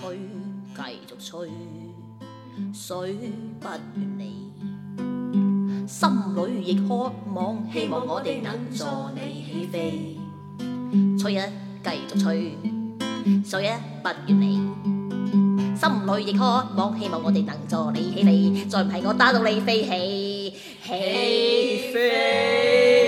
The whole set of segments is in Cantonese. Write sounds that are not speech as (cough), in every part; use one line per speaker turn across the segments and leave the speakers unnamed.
吹，繼續吹，水不怨你，心裏亦渴望，希望我哋能助你起飛。吹啊，繼續吹，水啊不怨你，心裏亦渴望，希望我哋能助你起飛，再唔係我打到你飛起，起飛。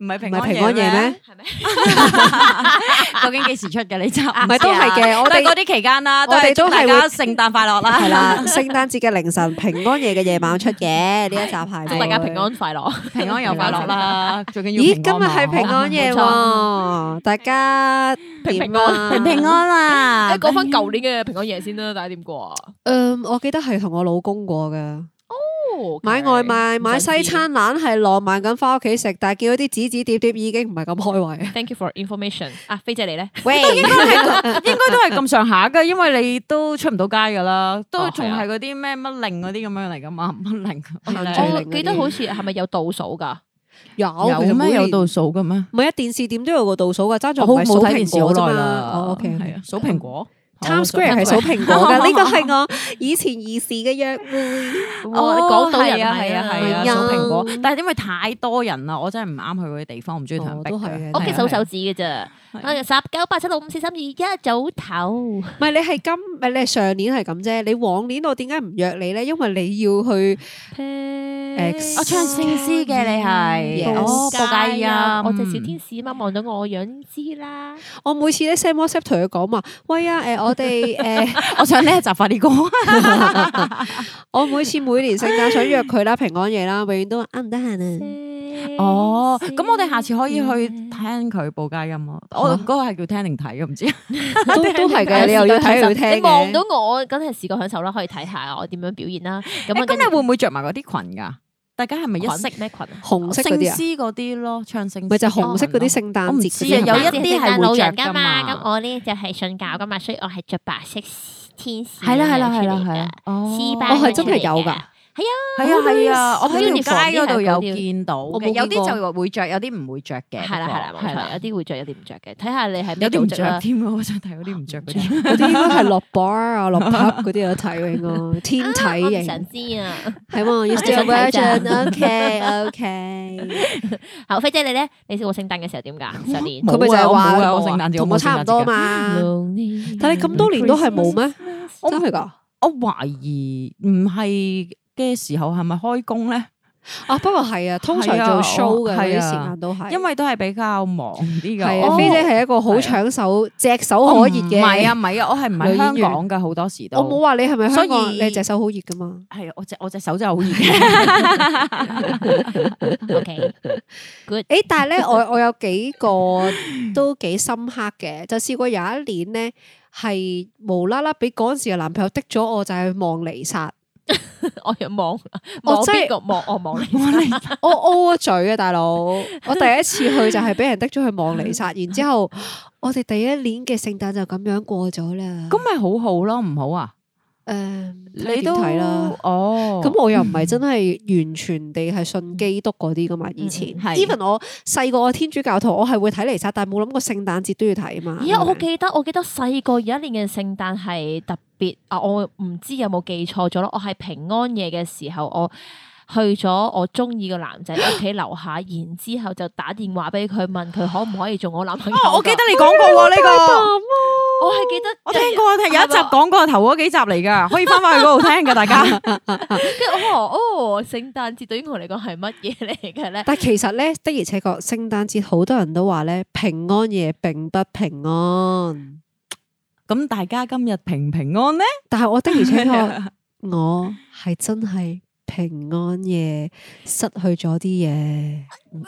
唔係平安夜咩？係咩？究竟幾時出嘅呢集？唔係都係嘅，我哋嗰啲期間啦，我哋都係祝大家聖誕快樂啦，係啦，聖誕節
嘅凌晨，平安夜嘅夜晚出嘅呢一集係。祝大家平安
快樂，平安
又快樂啦！最緊要平安。咦？今日係平安夜喎，大家平平安平平安啊！誒，講翻舊年嘅平安夜先啦，大家點過啊？
嗯，我記得係同我老公過嘅。
買外賣買西餐
懶係浪漫咁翻屋企食，但係見到啲指指疊疊已經唔係咁開胃。
Thank you for information。啊，飛姐你咧？喂，應該係應該都係咁
上下噶因為你都出唔到街噶啦，都仲係嗰啲咩乜零嗰啲咁樣嚟噶嘛，乜零？我記得好似係咪有倒數噶？有，有咩有倒數噶咩？每一啊，電視點都有個倒數噶，揸住好睇電視啊嘛。O K，係啊，數蘋果。Times Square 係數蘋果，但呢個係我以前兒時嘅約會。我話你講到人係啊，係啊，數蘋果。但係因為太多人啦，我真係唔啱去嗰啲地方，唔中意同人逼嘅。我屋企數手指嘅咋。我係十九八七六五四三二一
早頭，唔係你係今唔係你係上年係咁啫。你往年我點解唔約你咧？因為你要去，我唱聖詩嘅你係，哦布介意啊，我只小天
使嘛，望到我樣知啦。
我每次咧 send WhatsApp 同佢講話，喂啊，誒我哋誒，我想咧就快啲講。
我每次每年聖誕想約佢啦，平安夜啦，永遠都啱唔得閒啊。哦，咁我哋下次可以去聽佢報佳音啊！我嗰個係叫聽定睇嘅，唔知
都都係嘅，你又要睇又要聽。你望到我梗係視覺享受啦，可以睇下我點樣表
演啦。咁咁你會唔會着埋嗰啲裙噶？大家係咪一色咩裙？紅色嗰啲聖詩嗰啲咯，唱聖詩咪就紅色嗰啲聖誕。我唔知啊，有一啲係老人噶嘛。咁我呢
就係信教噶嘛，所以我係着白色天使。係啦係啦係
啦係啦，哦，我係真係有噶。係啊，係啊，係啊，我喺條街嗰度有見到有啲就會着，有啲唔會着嘅，係啦，係啦，係啦，有啲會着，有啲唔着嘅，睇下你係。有啲唔着添啊，我
想睇嗰啲唔着嗰啲，嗰啲應該係落 bar 啊，落 club 嗰啲有睇應該。天體型神仙啊，係嘛？要照個相，OK OK。
好，飛姐你咧？你知我聖誕嘅時候點㗎？聖誕佢咪就係話過聖誕節，同我差唔多嘛。
但係咁多年都係冇咩？真係㗎？我懷疑唔係。嘅時候係咪開工咧？
啊，不過係啊，通常做 show 嘅嗰啲時間都係，
因為都係比較忙啲噶。係啊，菲姐係一
個好搶手，只手可熱嘅。唔係啊，唔係啊，我係唔係香港噶，
好多時都我冇話你係咪香港，你隻手好熱噶嘛？係啊，我隻我隻手真係好
熱嘅。OK，good。誒，但係咧，我我有幾個都幾深刻嘅，就試過有一年咧，係無啦啦俾嗰陣時嘅男朋友滴咗，我就去望彌撒。
(laughs) 我又望，看看我，我真係個望我望你。 (laughs) 我
烏個嘴啊，大佬！我第一次去就係俾人得咗去望彌撒，然之後我哋第一年嘅聖誕就咁樣過咗啦。咁咪好好咯，唔好啊？呃、你都睇啦，吧哦，咁我又唔係真係完全地係信基督嗰啲噶嘛。嗯、以前，even、嗯、我細個我天主教徒，我係會睇彌撒，但係冇諗過聖誕節都要睇啊嘛。而家我記
得，是是我記得細個有一年嘅聖誕係特別，啊，我唔知有冇記錯咗咯，我係平安夜嘅時候我去咗我中意嘅男仔屋企樓下，咦然之後就打電話俾佢問佢可唔可以做我男朋友？啊？我記得你講過喎，你嗰，哎，我係記得，
我聽過，又聽過，有一集講過頭嗰幾集嚟噶，可以翻翻去嗰度聽噶，大家。
跟住哦哦，聖誕節對於我嚟講係乜嘢嚟嘅咧？但係其實咧
的而且確，聖誕節好多人都話咧平安夜並不平安。
咁，嗯、大家今日平平安呢？但係我的而且確，
(laughs) 我係真係。 (laughs) 平安夜，失去咗啲嘢。 (laughs)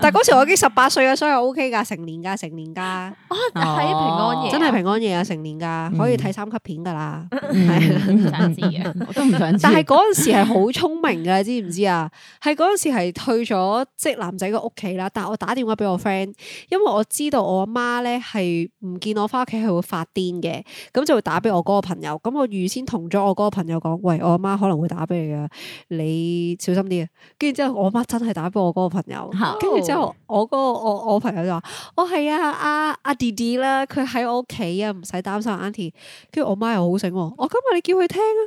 但嗰時我已經十八歲啊，所以 O K 噶，成年噶，成年噶，啊喺、哦、平安夜、啊，真係平安夜啊，成年噶，嗯、可以睇三級片噶啦，唔、嗯、 (laughs) 想知我都唔想知。但係嗰陣時係好聰明嘅，知唔知啊？係嗰陣時係退咗即男仔嘅屋企啦。但係我打電話俾我 friend，因為我知道我阿媽咧係唔見我翻屋企係會發癲嘅，咁就會打俾我嗰個朋友。咁我預先同咗我嗰個朋友講，喂，我阿媽可能會打俾你噶，你小心啲啊。跟住之後我阿媽真係。打俾我嗰個朋友，跟住之後我嗰個我我朋友就話：我係啊阿啊弟弟啦，佢喺我屋企啊，唔使擔心。Auntie 跟住我媽又好醒，我今日你叫佢聽啊。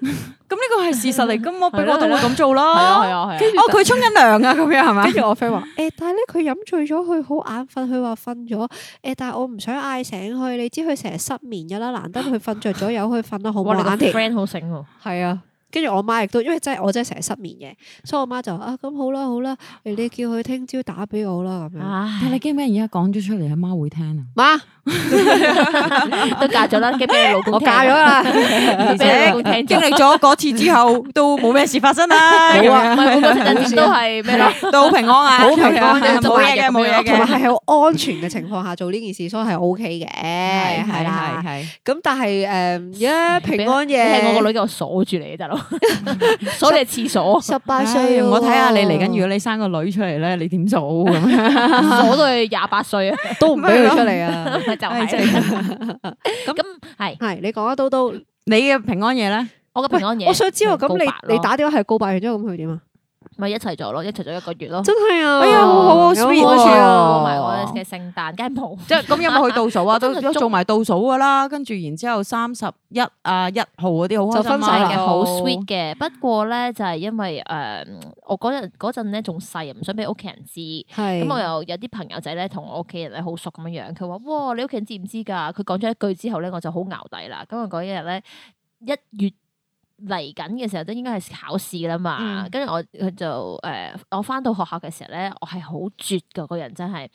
咁呢個係事實嚟，噶
嘛？俾我同佢咁做啦。係啊係啊，跟住哦，佢沖緊涼啊，咁樣係嘛？跟住我
friend 話：誒，但係咧佢飲醉咗，佢好眼瞓，佢話瞓咗。誒，但係我唔想嗌醒佢，你知佢成日失眠噶啦，難得佢瞓着咗，由佢瞓啦，好嘛。我個 friend 好醒，係啊。跟住我媽亦都，因為真係我真係成日失眠嘅，所以我媽就啊，咁好啦，好啦，你叫佢
聽朝打俾我啦咁樣。但你驚唔驚而家講咗出嚟，阿媽會聽啊？媽都嫁咗啦，驚俾你老公聽。我嫁咗啦，而且經歷咗嗰次之後，都冇咩事發生啦。都真係咩咯？都好平安啊，好平安，冇嘢冇嘢，同埋係好
安全嘅情況下做呢件事，所以係 O K 嘅，係啦係。咁但係誒，而家平安夜，我個女叫我鎖住你得咯。
(laughs) 所以你係廁所，十八歲，我睇、哎嗯、下你嚟緊。如果你生個女出嚟咧，你點做咁樣？ (laughs) (laughs) 我都係廿八歲啊，都唔俾佢出嚟啊。 (laughs) 就係咁了，係係你講一都都你嘅平安夜咧，我嘅平安夜。我
想知道，咁你你打電話係
告白完之後咁佢點啊？
咪一齊咗咯，一齊咗一個月咯。真係啊！哎呀，好好、sweet、s,、哦、sweet 啊，同埋我嘅聖誕，梗係冇。即
係咁有冇去倒數啊？ (laughs) (laughs) 都做埋倒數噶啦。跟住然之後三十一啊一號嗰啲好開心嘅，好，好 sweet
嘅。不過咧就係、是、因為誒、呃，我嗰日嗰陣咧仲細，唔想俾屋企人知。咁是我又有啲朋友仔咧同我屋企人咧好熟咁樣樣。佢話：哇，你屋企人知唔知噶？佢講咗一句之後咧，我就好淆底啦。咁我嗰一日咧一月。一月嚟緊嘅時候都應該係考試啦嘛，跟住、嗯、我佢就誒、呃，我翻到學校嘅時候咧，我係好絕噶個人真係，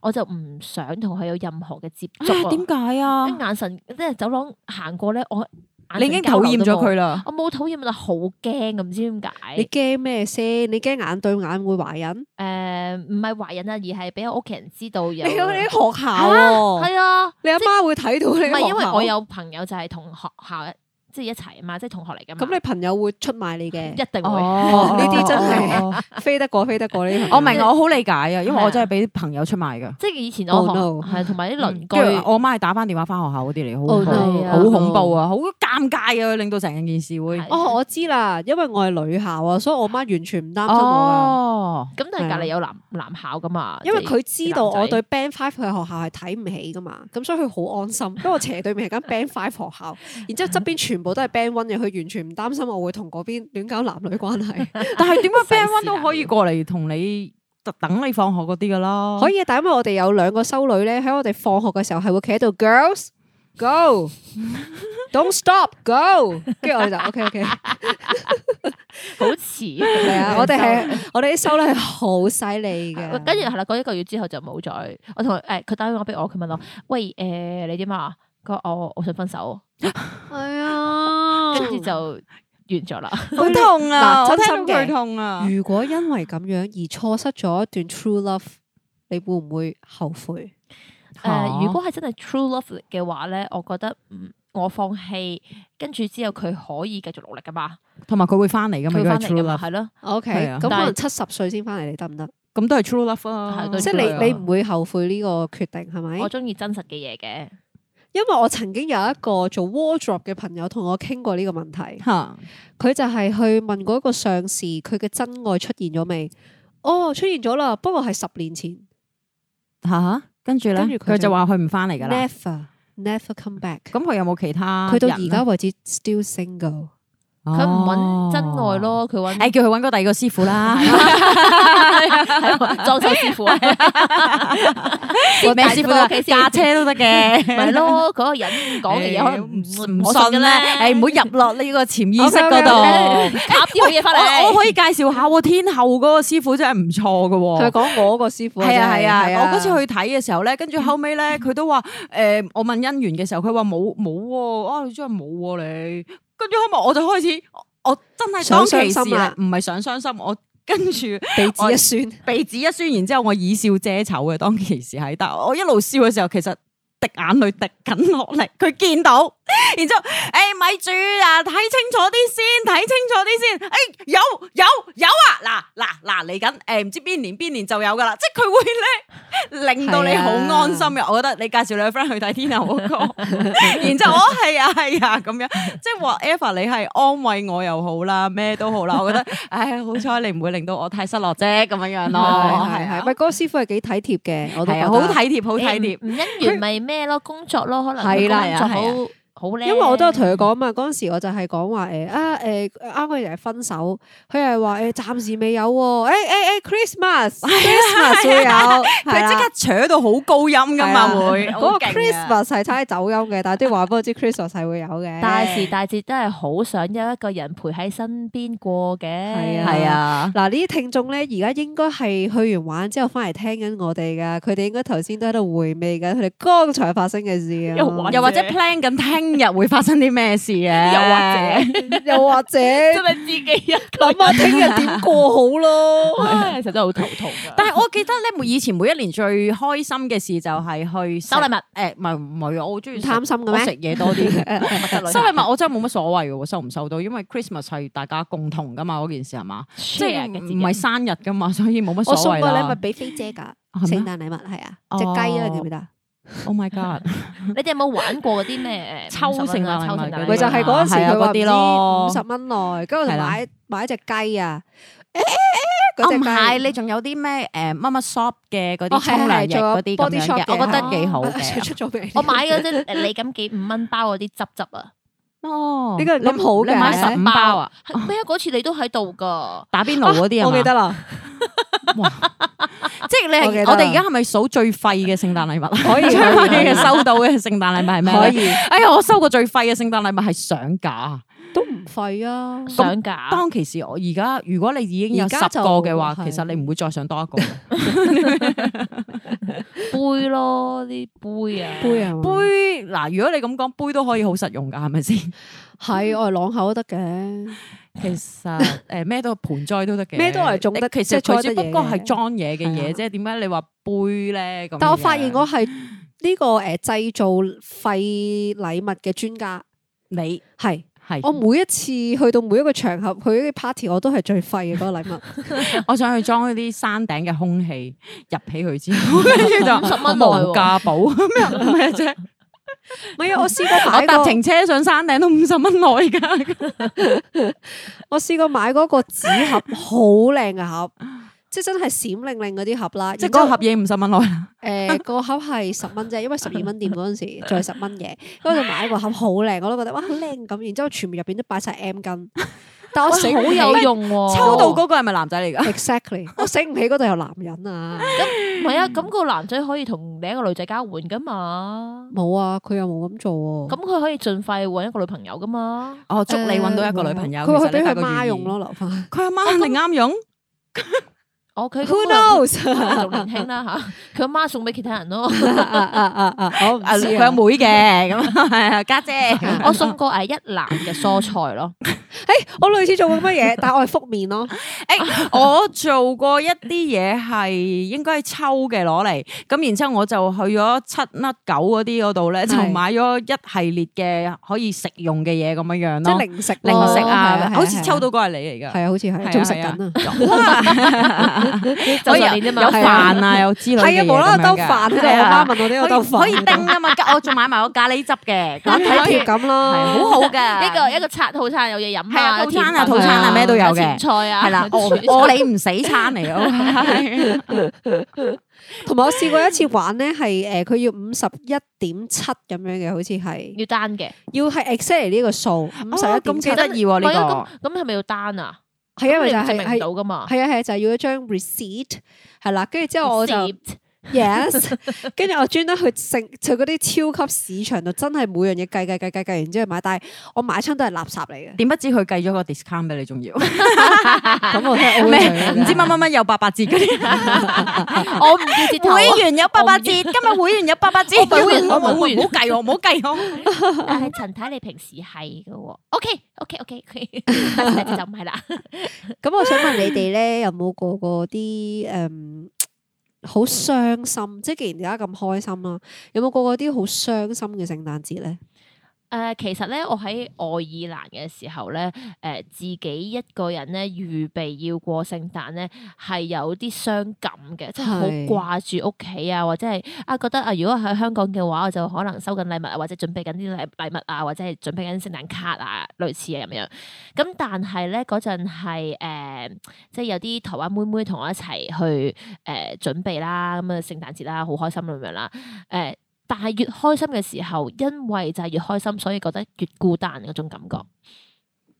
我就唔想同佢有任何嘅接觸啊！點解啊？眼神即係走廊行過咧，我，眼我你已經討厭咗佢啦，我冇討厭，我就好驚噶，唔知點解。你驚咩先？你驚眼對眼會懷孕？誒、呃，唔係懷孕啊，而係俾我屋企人知道有你。你喺學校？係啊，你阿媽會睇到你？唔係因為我有朋友就係同學校。即係一齊啊嘛，即係同學嚟㗎嘛。咁你
朋友會出賣你嘅，一定會。呢啲真係飛得過飛得過呢？我明，我好理
解啊，因為我真係俾朋友出賣㗎。即係以前我同埋啲鄰居，我媽係打翻電話翻學校嗰啲嚟，好恐怖啊，好尷尬啊，令到成件事會。哦，我知啦，因為我係女校啊，所以我媽完全唔擔心我。哦，咁但係隔離有男
男校㗎嘛？因為佢知道我對
Band Five 嘅學校係睇唔起㗎嘛，咁所以佢好安心。因為斜對面係間 Band Five 學校，然之後側邊全，全部都係 band one 嘅，佢完全唔擔心我會同嗰邊亂搞男女關係。
但係點解 band one 都可以過嚟同你等你放學嗰啲㗎啦？ (laughs) 可以呀，
但因為我哋有兩個修女咧，喺我哋放學嘅時候係會企喺度 girls go don't stop go，跟住我哋就 ok ok， (laughs)
(laughs) 好似係啊！ (laughs) 對我哋係 (laughs) 我哋啲修女係好犀利嘅。跟住係啦，過、嗯、一個月之後就冇再。我同誒佢打電話俾我，佢問我喂誒、呃、你點啊？佢我我想分手係啊，跟住就完咗啦，好痛啊！真心痛啊！如果因為咁樣而錯失咗一
段 true love，你會唔會後悔？
誒，如果係真係 true love 嘅話咧，我覺得我放棄，跟住之後佢可以繼續努力噶嘛，
同埋佢會翻嚟噶嘛，佢翻嚟噶嘛，係咯。OK，咁可能七
十歲先翻嚟你得唔得？咁
都係 true love 啊，即係你你唔會後悔呢個決定係咪？我
中意真實嘅嘢嘅。
因為我曾經有一個做 wardrobe 嘅朋友同我傾過呢個問題，啊，佢就係去問嗰一個上司佢嘅真愛出現咗未？哦，出現咗啦，不過係十年前。
嚇、
啊！跟住咧，佢就話佢唔翻嚟㗎喇。Never, never come back。咁佢有冇其他？佢到而家為止 still single。
佢唔揾真愛咯，佢揾，哎叫佢揾個第二個師傅啦，裝修師傅啊，
個咩師傅架駕車都得嘅，係咯，
嗰個人講嘅嘢，唔唔信嘅咧，哎
唔好入落呢個潛意識嗰度，插啲好嘢翻嚟。我我可以介紹下，天后嗰個師傅真係唔錯嘅。佢講我個師傅係啊係啊，我嗰次去睇嘅時候咧，跟住後尾咧，佢都話，誒我問姻緣嘅時候，佢話冇冇，啊你真係冇你。咁樣咪我就開始，我真係想傷心啦，唔係想傷心，傷心啊，我跟住 (laughs) 鼻子一酸， (laughs) 鼻子一酸，然之後我以笑遮醜嘅，當其時係，但係我一路笑嘅時候，其實滴眼淚滴緊落嚟，佢見到。然之後誒，咪住啊，睇清楚啲先，睇清楚啲先。誒，有有有啊，嗱嗱嗱嚟緊，誒唔知邊年邊年就有噶啦，即係佢會咧令到你好安心嘅。我覺得你介紹你個 friend 去睇天后個，
然之後我係
啊係啊咁樣，即係話 Eva 你係安慰我又好啦，咩都好啦。我覺得唉，好彩你唔會令到我太失落啫，咁樣樣咯。係係，
不過個師傅係幾體貼嘅，我係好體貼好體貼。
唔姻緣
咪咩咯，工作咯，可能可能就好。
好，因為我都有同佢講嘛，嗰時我就係講話誒啊誒，啱開始係分手，佢係話誒暫時未有，誒誒誒 Christmas 有，佢即刻扯到好高音噶嘛、啊、會，嗰、啊、個 Christmas 係差啲走音嘅，但係都話俾我知 Christmas 係會有嘅。大時大節都係好想有一個人陪
喺身邊過嘅。係啊，嗱、啊
啊啊、呢啲聽眾咧而家應該係去完玩之後翻嚟聽緊我哋噶，佢哋應該頭先都喺度回味緊佢哋剛才發生嘅事啊，
(laughs) 又或者 plan 緊聽。聽日會發生啲咩事嘅、啊？又或者，又或者， (laughs) 真係自己一諗下聽日點過好咯， (laughs) 唉，其實真係好頭痛噶。但係我記得咧，以前每一年最開心嘅事就係去收禮物。誒吃，唔係唔係，我好中意貪心咁食嘢，多啲收禮 (laughs) 物我真係冇乜所謂嘅，收唔收到，因為 Christmas 係大家共同噶嘛，嗰件事係嘛，實即係唔係生日噶嘛，所以冇乜所謂。我送個禮物
俾飛姐噶，聖誕禮物係嗎啊，隻雞啦，記唔記得？哦 Oh my god！你哋有冇玩過嗰啲咩抽成啊？抽成咪就係嗰陣時佢唔知五十蚊內，跟住買買隻雞啊！哦
唔係，你仲有啲咩誒乜乜 shop 嘅嗰啲沖涼液啲我覺得幾好出
咗名。我買嗰你咁幾五蚊包嗰啲汁汁啊！哦，
呢個諗好你買十五包啊？
咩？點解嗰次你都喺度噶？
打邊爐嗰啲啊？我記得啦。即係你係我哋而家係咪數最廢嘅聖誕禮物可？可以，我最近收到嘅聖誕禮物係咪？可以。 (laughs) 可以哎呀，我收過最廢嘅聖誕禮物係相架，
都唔廢啊！
相架。當其時我而家如果你已經有十個嘅話，其實你唔會再上多一個 (laughs)
(laughs) 杯咯，啲杯啊，杯啊，
杯。嗱，如果你咁講，杯都可以好實用噶，係咪先？係，我係朗口都得嘅。其實誒咩都盆栽都得嘅，咩 (laughs) 都係種得。其實除咗不過係裝嘢嘅嘢啫。點解的你話杯咧咁？但我發現
我係呢個誒製造廢禮物嘅專家。你係係是的我每一次去到每一個場合去啲 party，我都係最廢嘅嗰個禮物。
(laughs) (laughs) 我想去裝一啲山頂嘅空氣入起佢之後，跟住就十蚊無價寶咩啫？ (laughs) (laughs) 係啊！我試過買個搭程車上山頂都五十蚊內噶。
我試過買嗰個紙盒好靚嘅盒，即係真係閃靈靈嗰啲盒啦。即係嗰個盒嘢，五十蚊內。誒、呃，嗰個盒係十蚊啫，因為十二蚊店嗰陣時就十蚊嘅。咁我買個盒好靚，我都覺得哇靚咁。然之後全部入邊都擺晒 M 巾。 (laughs)
但我死好有用喎！抽到嗰個
係咪男仔嚟噶？Exactly，我醒唔起嗰度有男人啊！
咁唔係啊，咁個男仔可以同另一個女仔交換噶嘛？冇啊，
佢又冇咁做啊！咁
佢可以盡快搵一個女朋友噶嘛？哦，祝你搵到一個女朋友，佢去俾佢媽用咯，留翻佢阿媽肯定啱用。哦，who knows，年輕啦吓，佢阿媽送俾其他人咯，啊啊啊，
啊啊 (laughs) 我唔知佢、啊、阿妹嘅
咁，係啊家姐， (laughs) 我送過誒一籃嘅蔬菜咯，誒、 (laughs) 欸、我類似做過乜嘢，但
係我係覆面咯，誒、 (laughs) 欸、我做過一啲嘢係應該係抽嘅攞嚟，咁然之後我就去咗七粒九嗰啲嗰度咧，就買咗一系列嘅可以食用嘅嘢咁樣樣咯，即係的、哦、零食零食啊，對對對對，好似抽到個係你嚟噶，係啊好似係仲食緊就有飯啊，有之類嘢，係啊，無啦啦都飯。我阿媽問我呢個碟飯，可以叮啊嘛。我仲買埋個咖喱汁嘅，睇條咁咯，好好噶。呢個一個餐套餐有嘢飲，套餐啊套餐啊咩都有嘅。菜啊，係啦，我你唔死餐嚟咯。
同埋我試過一次玩咧，係誒，佢要五十一點七咁樣嘅，好似
係要單嘅，要係 exactly 呢個數五十一點幾得意喎。呢個咁係咪要單啊？係因為就係係啊，係啊，就
係、係就係、要一張 receipt 係啦，跟住之後我就。Yes，跟住我專登去食，去嗰啲超級市場度，真係每樣嘢計計計計計然之後買，但係我買親都係垃圾嚟嘅。點不知佢計咗個 discount
俾你，仲要咁我聽唔知乜乜乜有八八折嗰啲， (laughs) 我唔記得會員有八八折，今日會員有八八折，會員，我唔會員，唔好計我，唔
好計我。我 (laughs) 但係陳太你平時係嘅喎，ok ok ok，但係就唔係啦。咁 (laughs) (laughs) (laughs) 我想問你哋
咧，有冇過過啲誒？Um, 好傷心，即係既然而家咁開心啦，有冇過嗰啲好傷心嘅聖誕節咧？
誒、呃，其實咧，我喺愛爾蘭嘅時候咧，誒、呃、自己一個人咧，預備要過聖誕咧，係有啲傷感嘅，即係好掛住屋企啊，或者係啊覺得啊，如果喺香港嘅話，我就可能收緊禮物啊，或者準備緊啲禮禮物啊，或者係準備緊聖誕卡啊，類似啊咁樣。咁但係咧，嗰陣係即係有啲台灣妹妹同我一齊去誒、呃、準備啦，咁、嗯、啊聖誕節啦，好開心咁樣啦，誒、呃。呃但係越開心嘅時候，因為就係越開心，所以覺得越孤單嗰種感覺，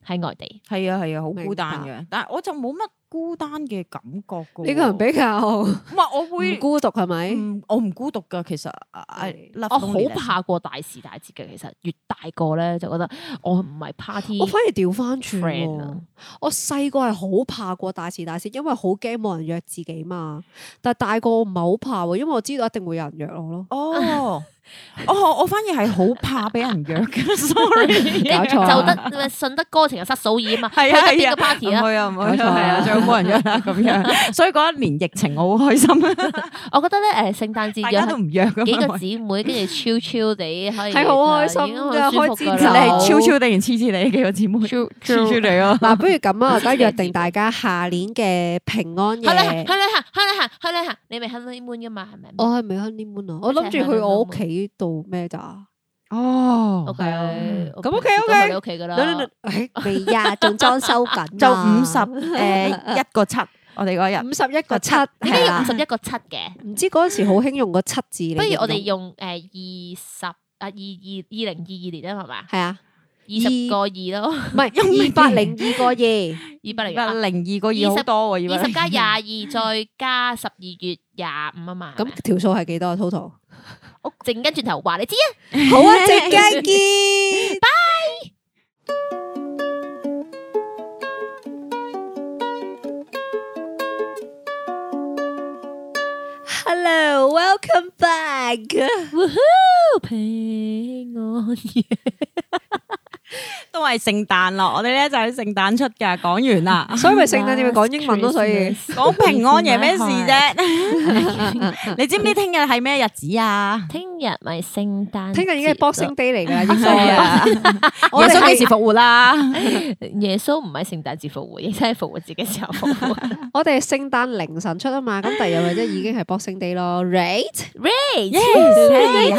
喺外地，係啊
係啊，好孤單嘅。但係我就冇乜。孤單嘅感覺，你個人比較唔係我會孤獨係咪？我唔孤獨㗎，其實我好怕過大
是大節嘅。其實越大個咧，就覺得我唔係 party。我反而調翻轉，
我細個係好怕過大時大節，因為好驚冇人約自己嘛。但係大個唔係好怕，因為我知道一定會有人約我咯。哦，我我反而係
好怕俾人約。sorry，搞錯就得
順德歌情又失數耳啊嘛，係啊係啊，party 啦，唔係啊。
冇人約啦咁樣， (laughs) 所以嗰一年疫情我好開心啊！ (laughs)
(laughs) 我覺得咧，誒、呃、聖誕節大家都唔約幾個姊妹，跟住悄悄地可以，好 (laughs) 開心都係開心，支持你悄悄
地然黐住你幾個姊妹，超超你啊！嗱，
不如咁啊，大家約定大家下年嘅平安夜，去旅
行，去旅行，去旅行，你咪 honeymoon 噶嘛？係咪？
我係咪 honeymoon 啊？我諗住去我屋企度咩咋？哦，OK，咁 OK，OK，你屋企噶啦，誒，未廿，仲裝修
緊，就五十誒一
個七，我哋嗰日五十一個七，點解要五十
一個七嘅？唔
知嗰陣時好興用個七字嚟。不如我哋用
誒二十啊二二二零二二年啦，係嘛？係啊，
二十個
二咯，唔係用二百零二個
二，二百零二個二好多喎，二十加廿二
再加十二月廿五啊嘛。咁條數係幾多？Total？我靜跟轉頭話你知啊，好啊，再見，拜。
Hello，welcome back，平安夜。
都係聖誕咯，我哋咧就喺聖誕出噶，講完啦，所以咪聖誕點會講英文咯，所以講平安夜咩事啫？
你知唔知聽日係咩日子啊？聽日咪聖誕，聽日已經係 Boxing Day 嚟噶，應該啊！耶穌幾時復活啦？耶穌唔係聖誕節復活，耶穌係復活節嘅時候復活。我哋聖誕凌晨出啊嘛，咁第日或者
已經係 Boxing Day 咯。Right,
right.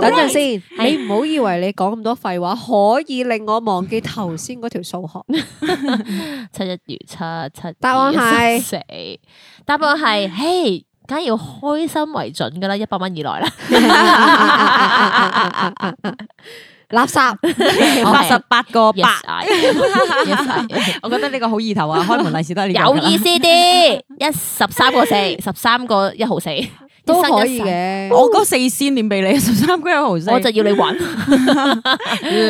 等陣先，
你唔好以為你講咁多廢話。可以令我忘記頭先嗰條數學，
七一如七七，答案係四，答案係，嘿，梗係要開心為準噶啦，一百蚊以內啦，
垃圾，八十八個八，我覺得呢個好意頭啊，開門利是都係有意思
啲，一十三個四，十三個一毫四。
都可以嘅，我嗰四仙點俾你十三公銀毫先，
我就要你搵，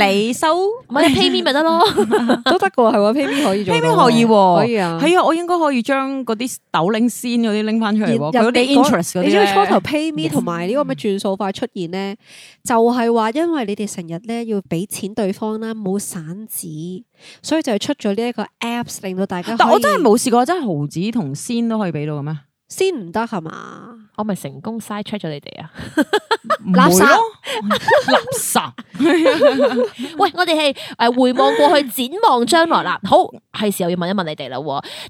你收咪 pay me 咪得咯，都得噶
係喎，pay me 可以，pay me 可以，可以啊，係啊，我應該可以將嗰啲豆零仙，嗰啲拎翻出嚟，佢有啲 interest 嗰啲，你知唔知初頭 pay me 同埋呢個咩轉數快出現咧？就
係話因為你哋成日咧要俾錢對方啦，冇散紙，所以就係出咗呢一個 apps 令到大家。但我真係冇
試過，真係毫子同仙都可以俾到嘅咩？
先唔得係嘛？我咪成功嘥 check 咗你哋啊！
垃圾 (laughs) (laughs) ，
垃圾。喂，我哋係誒回望過去展望將來啦。好，係時候要問一問你哋啦。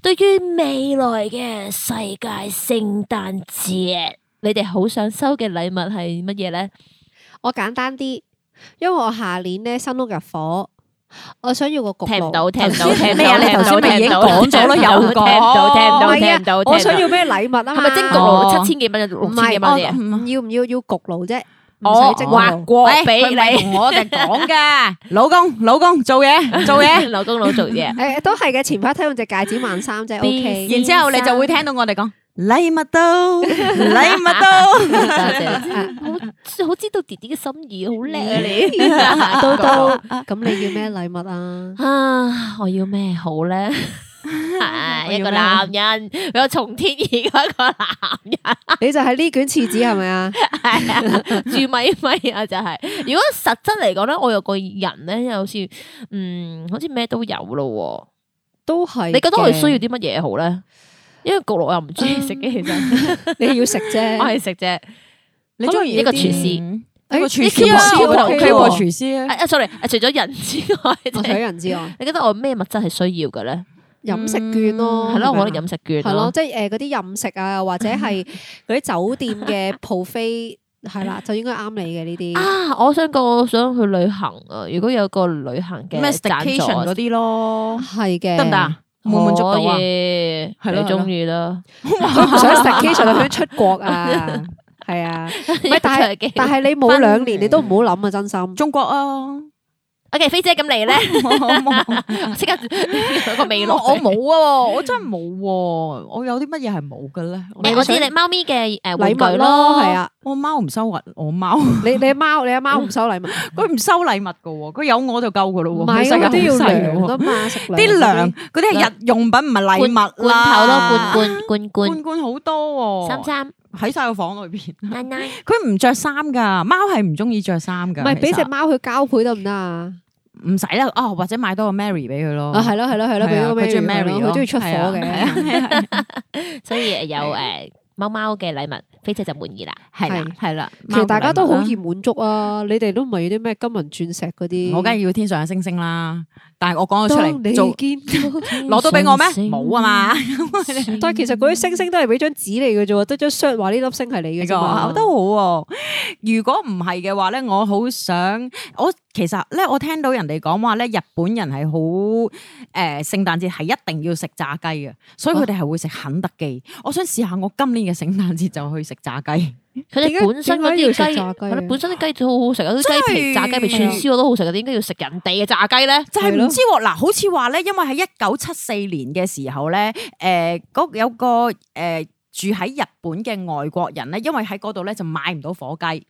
對於未來嘅世界聖誕節，你哋好想收嘅禮物係乜嘢咧？我簡單啲，因為我下年咧新屋入伙。我想要個焗爐，聽唔到聽唔到聽唔到咩啊？你頭先我哋已經講咗啦？有冇聽到？聽唔到？聽唔到？我想要咩
禮物啊？係咪蒸焗爐？七千幾蚊？唔係，唔
要唔要要焗爐啫？我劃過俾你，我哋講噶，老公老公做嘢做嘢，老公老做
嘢。誒，都係嘅，前排睇到隻戒指萬三啫，O K。然之後你就會聽到我哋講。禮物都禮物都，多 (laughs) 謝，謝，
(laughs) 我
好知道弟弟嘅心意，好靚、啊、你。都 (laughs) 都，咁你要咩禮物啊？啊，我要咩好咧、 (laughs) 啊？一個男人，我有天一個從天而降嘅男
人， (laughs) 你就係呢卷廁紙係咪啊？係啊，
(laughs) (laughs) 住米米啊就係、是。如果實質嚟講咧，我有個人咧，又好似，嗯，好似咩都有咯，都係。你覺得我哋需要啲乜嘢好咧？因為焗爐我又唔中意食嘅，其實你要食啫，我係食啫。你中意一個廚師，一個廚師，我同佢個廚師咧。啊，sorry，除咗人之外，除咗人之外，你覺得我咩物質係需要嘅咧？飲食券咯，係咯，我覺得飲食券，係咯，即
係誒嗰啲飲食啊，或者係嗰啲酒店嘅 buffet 飛係啦，就應該啱你嘅呢啲。
啊，我想講，我想去旅行啊！如果有個旅行嘅 station 嗰啲咯，係嘅，得唔得？滿滿足到也的啊，你中意啦，
佢唔想食機，就去出國啊，
係啊， (laughs) 但係 (laughs) 你冇兩年，
你都唔
好諗啊，真心。中國啊！
OK，飛姐咁嚟咧，即刻有個味囉。我冇
喎，我真係冇喎。我有啲乜嘢係冇嘅咧？我知你
貓咪嘅誒禮物咯，係啊。
我貓唔收物，我貓。你你貓，你阿貓唔收禮物，佢唔收禮物嘅喎。佢有我就夠嘅咯喎。買啲要糧，啲糧，嗰啲係日用品唔係禮物啦。罐頭咯，罐罐罐罐罐好多喎。三三喺晒個房裏邊。奶奶，佢唔著衫㗎，貓係唔中意著衫㗎。唔係俾隻貓去交配得唔得啊？唔使啦，哦，或者多買多個 Mary 俾佢咯，啊係咯係咯係咯，佢中意 Mary，佢中意出火嘅，
(laughs) (laughs) 所以有誒貓貓嘅禮物，飛姐就滿意啦，係啦係啦，其實大家都好易
滿足啊，你哋都唔係要啲咩金銀鑽石嗰啲，嗯、我梗係要天上嘅星星啦。但係我講咗出嚟你做堅攞
Okay, 到俾我咩？冇啊星嘛！
星 (laughs) 但係其實嗰啲星星都係俾張紙嚟
嘅啫，得張信話呢粒星係你嘅，都好。哇如果唔係嘅話咧，我好想我其實咧，我聽到人哋講話咧，日本人係好誒，聖誕節係一定要食炸雞嘅，所以佢哋係會食肯德基。哇我想試下我今年嘅聖誕節就去食炸雞。佢哋本身嗰啲雞，炸雞佢哋本身啲
雞都好好食啊！
啲雞皮炸雞皮串燒我都好食，嗰啲點解要食人哋嘅炸雞咧。就係唔知喎，嗱，是的 好似話咧，因為喺一九七四年嘅時候咧，誒、呃，嗰有個誒、呃、住喺日本嘅外國人咧，因為喺嗰度咧就買唔到火雞。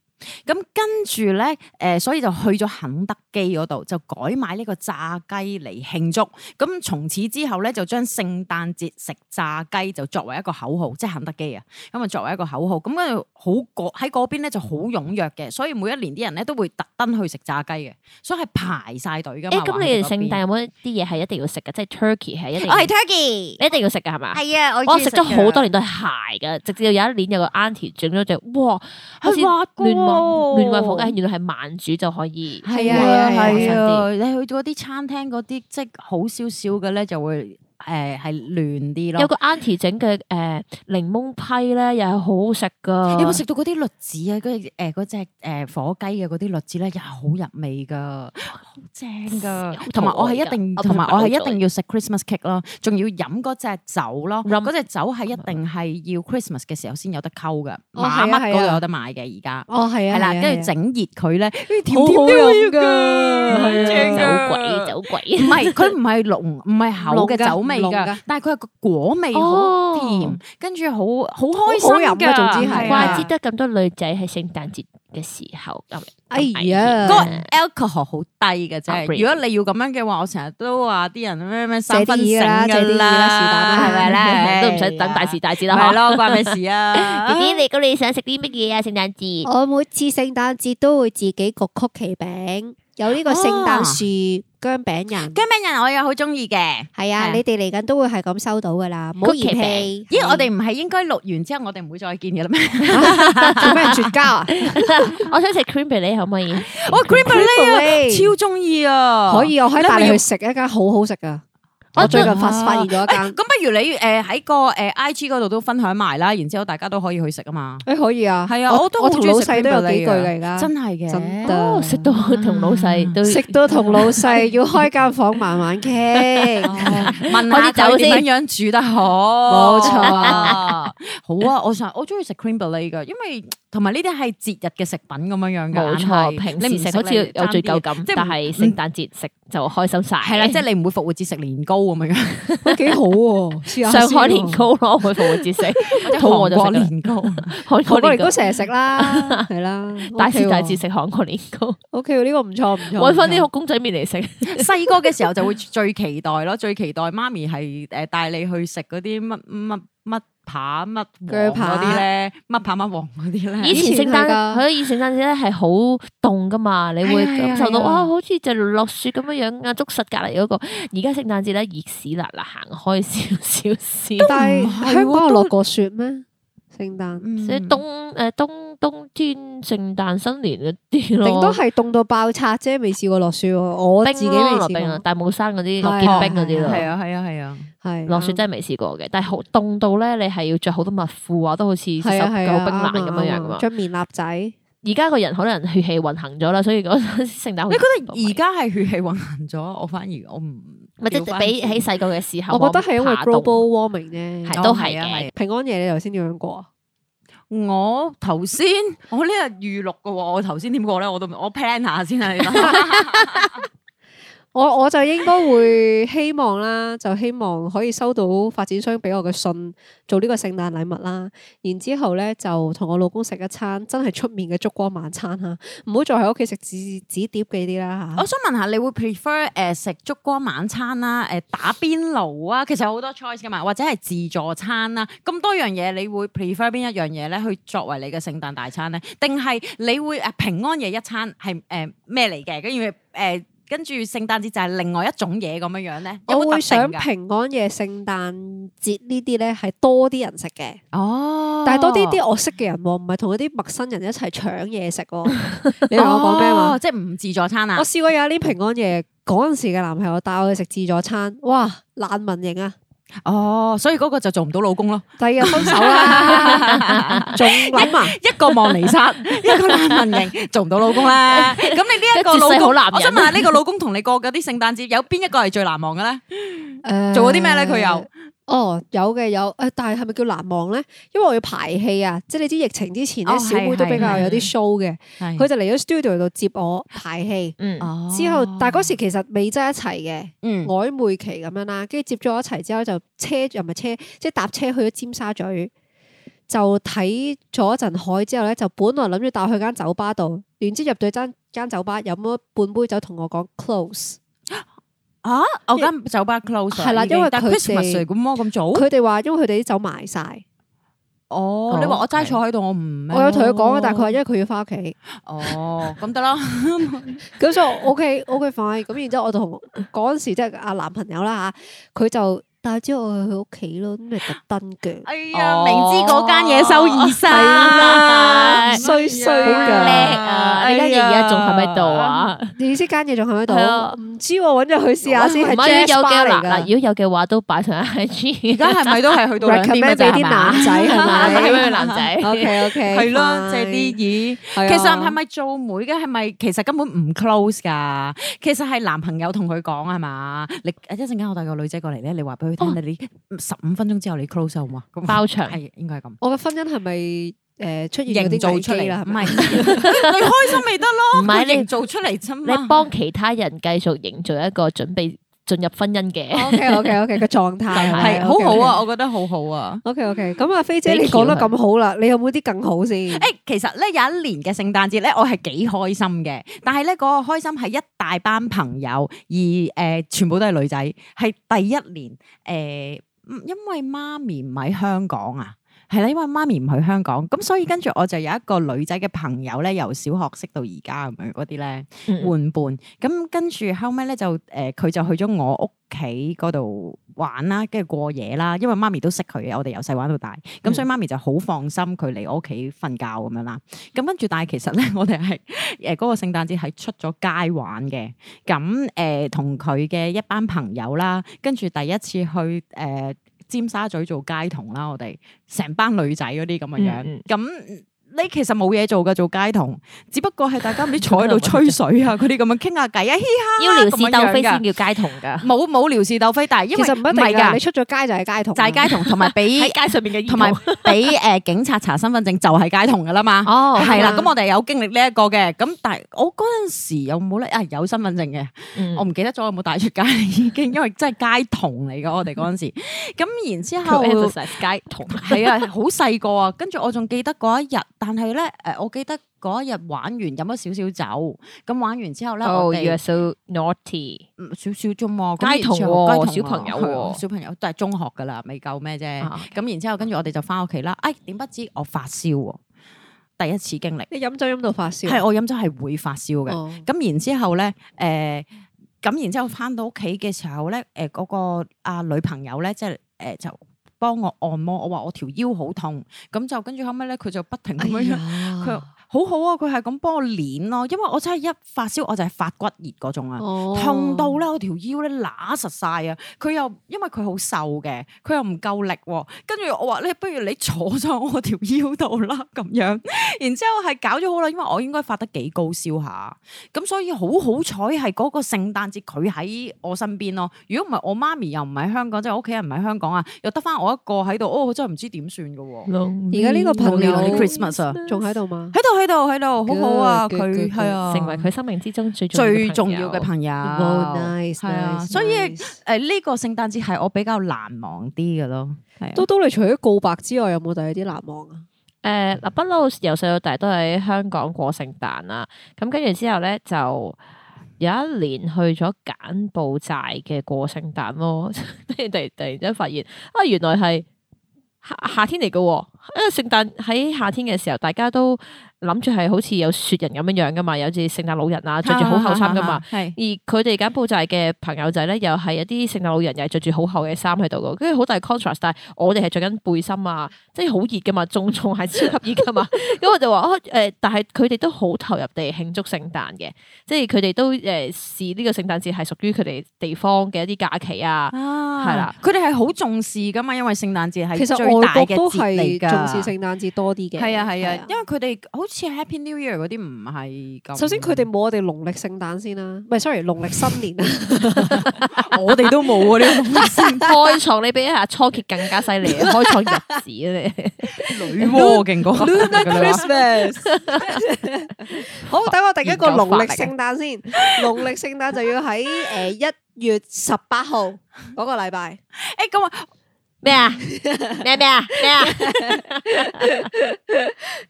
咁跟住咧，誒，所以就去咗肯德基嗰度，就改買呢個炸雞嚟慶祝。咁從此之後咧，就將聖誕節食炸雞就作為一個口號，即係肯德基啊。咁啊，作為一個口號，咁嗰好過喺嗰邊咧就好踴躍嘅，所以每一年啲人咧都會特登去食炸雞嘅。所以係排晒隊噶嘛。咁、欸、你哋聖誕有
冇啲嘢係一定要食嘅？即係 turkey 係一，我係
turkey 一定要食嘅係嘛？係啊，我食咗好多年都係鞋嘅，
直至到有一年有個 auntie 整咗隻，
哇，係滑哦，亂燴火雞，原
來係慢煮就可以。係啊，係啊，
你、啊啊、去嗰啲餐廳嗰啲，即係好少少嘅咧，就會。誒係嫩啲咯，有個 auntie 整嘅誒檸檬批咧，又係好好食噶。有冇食到嗰啲栗子啊？嗰隻誒嗰隻誒火雞嘅嗰啲栗子咧，又好入味噶，好正噶。同埋我係一定，同埋我係一定要食 Christmas cake 咯，仲要飲嗰隻酒咯。嗰隻酒係一定係要 Christmas 嘅時候先有得溝噶，買乜嗰度有得買嘅而家。哦，係啊，係啦，跟住整熱佢咧，跟住甜甜㗎，好正嘅，酒鬼酒鬼。唔係，佢唔係濃，唔係厚嘅酒味。但係佢係個果味好甜，跟住好好開心嘅。總之係怪知得咁多女
仔喺聖誕節嘅時候入嚟。哎呀，個
alcohol 好低嘅啫。如果你要咁樣嘅話，我成日都話啲人咩咩三分醒嘅啦，係咪咧？都唔使等大時大節啦，係咯，關咩事啊？
弟弟，你咁你想食啲乜嘢啊？聖誕節？我每次聖誕節都會自己
焗曲奇餅。有呢個聖誕樹薑餅人，
薑餅、哦、人我又好中意嘅，係啊，啊你
哋嚟緊都會係咁收到噶啦，唔好嫌棄。咦，
呃、我哋唔係應該錄完之後我哋唔會再見嘅啦咩？做咩、啊、 (laughs) 絕交啊？我
想食 Creamery 可唔可以？
我 Creamery 超中意啊！可以，我可以帶你去食
一間好好食噶。
我最近發發現咗一間，咁不如你誒喺個誒 IG 嗰度都分享埋啦，然之後大家都可以去食啊嘛！
誒可以啊，係啊，我都好中意食啲老細都有幾句嘅。而家真係嘅，哦，食到同老細都食到同老細要開間房慢慢傾，問下啲酒店點樣
煮得好，冇錯，好啊！我上我中意食 crème brûlée 嘅，因為同埋呢啲係節日嘅食品咁樣樣嘅，冇錯，你唔食好似有罪疚感，即係
聖誕節食就開心曬，係啦，即係你唔會復活節食年糕。唔係 (laughs) 啊，都幾好喎！上海年糕咯，我會節食，一 (laughs) 肚餓就食年糕。
我 (laughs) 韓國年糕成日食啦，係啦， (laughs) 大節大節
食韓國年糕。 (laughs) OK，呢個唔錯唔錯，
揾翻啲
公仔麪嚟食。細個嘅時候就會最期待咯，最期待媽咪係誒帶你去食嗰啲乜乜乜。扒乜黃嗰啲咧，乜扒乜黃嗰啲咧。以前聖誕，佢以前
聖誕節係好凍㗎嘛，哎、呀你會感受到、哎、呀啊，好似就落雪咁樣樣啊！捉實隔離嗰、嗰個，而家聖誕節咧熱死辣辣，行開少少少，但唔係喎，都冇落過雪咩？聖誕，即係、嗯、冬誒、呃、冬冬，冬天聖誕新年嗰啲咯，定都係
凍到爆拆啫，未試過落雪。我自己都未落冰啦，
但係冇山嗰啲落結冰嗰啲咯。係啊係啊係啊，係落雪真係未試過嘅。但係好凍到咧，你係要着好多襪褲啊，都好似十九冰冷咁樣樣噶嘛。着、啊啊啊、棉褸仔，而家個人可能血氣運行咗啦，
所以嗰陣聖誕，你覺得而家係血氣運行咗？我反而我唔。或者比起細個嘅時候有有，我覺得係因為 global
warming 啫對，係都係嘅、
啊。平安、啊、的夜你頭先點樣過？我頭先、 (laughs) 哦，我呢日預錄嘅，我頭先點過咧？我都唔，我 plan 下先係、啊。 (laughs) (laughs)
我我就應該會希望啦，就希望可以收到發展商俾我嘅信做呢個聖誕禮物啦。然之後咧，就同我老公食一餐真係出面嘅燭光晚餐嚇，唔好再喺屋企食
紙碟嗰啲啦。我想問下，你會 prefer 誒、呃、食燭光晚餐啦、啊，誒、呃、打邊爐啊，其實好多 choice 噶嘛，或者係自助餐啦、啊，咁多樣嘢，你會 prefer 邊一樣嘢咧？去作為你嘅聖誕大餐咧，定係你會誒平安夜一餐係誒咩嚟嘅？跟住誒。呃跟住聖誕節就係另外一種嘢咁樣樣咧，有冇我會想平
安夜、聖誕節呢啲咧係多啲人食嘅。
哦，但係多啲啲我
識嘅人喎，唔係同一啲陌生人一齊搶嘢食喎。哦、 (laughs) 你同我講咩嘛？即係唔自助餐啊！我試過有啲平安夜嗰陣時嘅男朋友帶我去食自助餐，哇！
難民營啊！哦，所以嗰個就做唔到老公咯，係啊、哎，分手啦，仲諗埋一個望彌撒， (laughs) 一個難民營，做唔到老公啦、啊。咁你呢一個老公， (laughs) 好，我想問下呢、這個老公同你過嘅啲聖誕節，有邊一個係最難忘嘅咧？誒， (laughs) 做咗啲咩咧？佢又。
哦，有嘅有，誒，但係係咪叫難忘咧？因為我要排戲啊，即係你知疫情之前咧，哦、小妹都比較有啲 show 嘅、哦，佢就嚟咗 studio 度接我排戲。嗯、之後、哦、但係嗰時其實未真一齊嘅，曖昧期咁樣啦，跟住接咗一齊之後就車又唔係車，即係搭車去咗尖沙咀，就睇咗一陣海之後咧，就本來諗住帶我去間酒吧度，然之後入到間間酒吧飲咗半杯酒，同我講 close。
啊！我間酒吧 close 係啦，但因為佢哋 Christmas 嚟
咁，咁早佢哋話，因為佢哋啲酒賣曬。哦，你話、 (laughs) 嗯、我齋坐喺度，我唔，我有同佢講啊。但係佢話因為佢要翻屋企。哦，
咁得啦。
咁所以 OK OK fine 咁，然之後我同嗰陣時即係阿男朋友啦嚇，佢就。帶之後去佢屋企咯，咁咪特登嘅。哎呀，明知嗰間嘢收二三，衰衰，好叻
啊！而家嘢而家仲喺咪
度啊？你意思間嘢仲喺咪度？唔知搵咗去試下先係。如果有嘅嗱，如果有嘅話都擺上 I G。而家係咪都係去到俾啲男仔？係嘛？係咪男仔？OK OK，係咯，借啲耳。其實係
咪做媒嘅？係咪其實根本唔 close 噶？其實係男朋友同佢講係嘛？你一陣間我帶個女仔過嚟咧，你話俾佢。我哋十五分鐘之後你 close 好嘛？包場係應該係咁。我嘅婚
姻
係咪誒出現營造出嚟啦？唔
係 (laughs) (laughs) 你開心咪得咯，唔係是你
做出嚟啫嘛。你幫其他人繼續營造一個準備。進入婚姻嘅
，OK OK OK 個狀態係好好啊，我
覺得好好啊。OK OK，
咁、嗯 okay, 啊，飛姐你講得咁好
啦，你有冇啲更好先？誒、欸，其實咧有一年嘅聖誕節咧，我係幾開心嘅，但係咧嗰個開心係一大班朋友，而誒、呃、全部都係女仔，係第一年誒、呃，因為媽咪唔喺香港啊。係啦，因為媽咪唔去香港，咁所以跟住我就有一個女仔嘅朋友咧，由小學識到而家咁樣嗰啲咧，玩伴。咁、嗯、跟住後尾咧就誒，佢、呃、就去咗我屋企嗰度玩啦，跟住過夜啦。因為媽咪都識佢嘅，我哋由細玩到大，咁所以媽咪就好放心佢嚟我屋企瞓覺咁樣啦。咁跟住，但係其實咧，我哋係誒嗰個聖誕節係出咗街玩嘅。咁、呃、誒，同佢嘅一班朋友啦，跟住第一次去誒。呃尖沙咀做街童啦，我哋成班女仔嗰啲咁嘅樣，咁、嗯嗯。你其實冇嘢做㗎，做街童，只不過係大家唔知坐喺度吹水啊，嗰啲咁樣傾下偈啊，嘻哈。要聊是鬥非先叫街童㗎，冇冇聊是鬥非。但係因為其實唔係㗎，你出咗街就係街童，就係街童，同埋俾喺街上面嘅，同埋俾誒警察查身份證就係街童㗎啦嘛。哦，係啦，咁我哋有經歷呢一個嘅，咁但係我嗰陣時有冇咧？啊，有身份證嘅，我唔記得咗有冇帶出街已經，因為真係街童嚟㗎，我哋嗰陣時。咁然之後，街童係啊，好細個啊，跟住我仲記得嗰一日。但係咧，誒，我記得嗰一日玩完飲咗少少酒，咁玩完之後咧，
我哋少少啫嘛，街童喎，小朋友，小
朋友都係中學噶啦，未夠咩啫。咁 Okay. 然之後，跟住我哋就翻屋企啦。誒，點不知我發燒喎，第一次經歷。你飲酒飲到發燒？係我飲酒係會發燒嘅。咁、哦、然之後咧，誒、呃，咁然之後翻到屋企嘅時候咧，誒、呃，嗰、那個啊女朋友咧，即係誒就。呃就呃就幫我按摩，我話我條腰好痛，咁就跟住後尾，咧，佢就不停咁樣。哎佢好好啊，佢係咁幫我捏咯，因為我真係一發燒我就係發骨熱嗰種啊，哦、痛到咧我條腰咧攣實晒啊！佢又因為佢好瘦嘅，佢又唔夠力，跟住我話咧，不如你坐咗我條腰度啦，咁樣，然之後係搞咗好耐，因為我應該發得幾高燒下，咁所以好好彩係嗰個聖誕節佢喺我身邊咯。如果唔係我媽咪又唔喺香港，即係我屋企人唔喺香港啊，又得翻我一個喺度，哦，我真係唔知點算噶。而家呢個朋友 Christmas 啊，仲喺度。喺度喺度喺度，好好啊！佢係啊，成為佢生命之中最重最重要嘅朋友。nice 係啊，nice，所以誒呢個聖誕節係我比較難忘啲嘅咯、啊。係，多多，你除咗告白之外，有冇第二啲難忘啊？
誒、嗯呃，嗱，不嬲由細到大都喺香港過聖誕啊。咁跟住之後咧，就有一年去咗柬埔寨嘅過聖誕咯。跟住突然間發現啊，原來係夏夏天嚟嘅。因為聖誕喺夏天嘅時候，大家都。諗住係好似有雪人咁樣樣噶嘛，有似聖誕老人啊，着住好厚衫噶嘛。係 (laughs) 而佢哋柬埔寨嘅朋友仔咧，又係一啲聖誕老人，又係着住好厚嘅衫喺度噶，跟住好大 contrast。但係我哋係着緊背心啊，即係好熱噶嘛，仲仲係超級熱噶嘛。咁 (laughs) 我就話哦，誒、呃，但係佢哋都好投入地慶祝聖誕嘅，
即係佢哋都誒、呃、視呢個聖誕節係屬於佢哋地方嘅一啲假期啊，係啦、啊。佢哋係好重視噶嘛，因為聖誕節係其實外國都係重視聖誕
節多啲嘅。係啊係啊，因
為佢哋好似 Happy New Year 嗰啲唔係咁。首先佢
哋冇我哋農曆聖誕先啦、啊，唔係 sorry 農曆新年啊，
(laughs) (laughs) 我哋都冇啊，你啲
先開創，你比一下初結更加犀利，開創日子咧、啊。你
女巫勁過。
好，
等我定一個農曆聖
誕先，力農曆聖誕就要喺誒一月十八號嗰個禮拜。誒咁、欸。咩啊咩咩啊咩啊！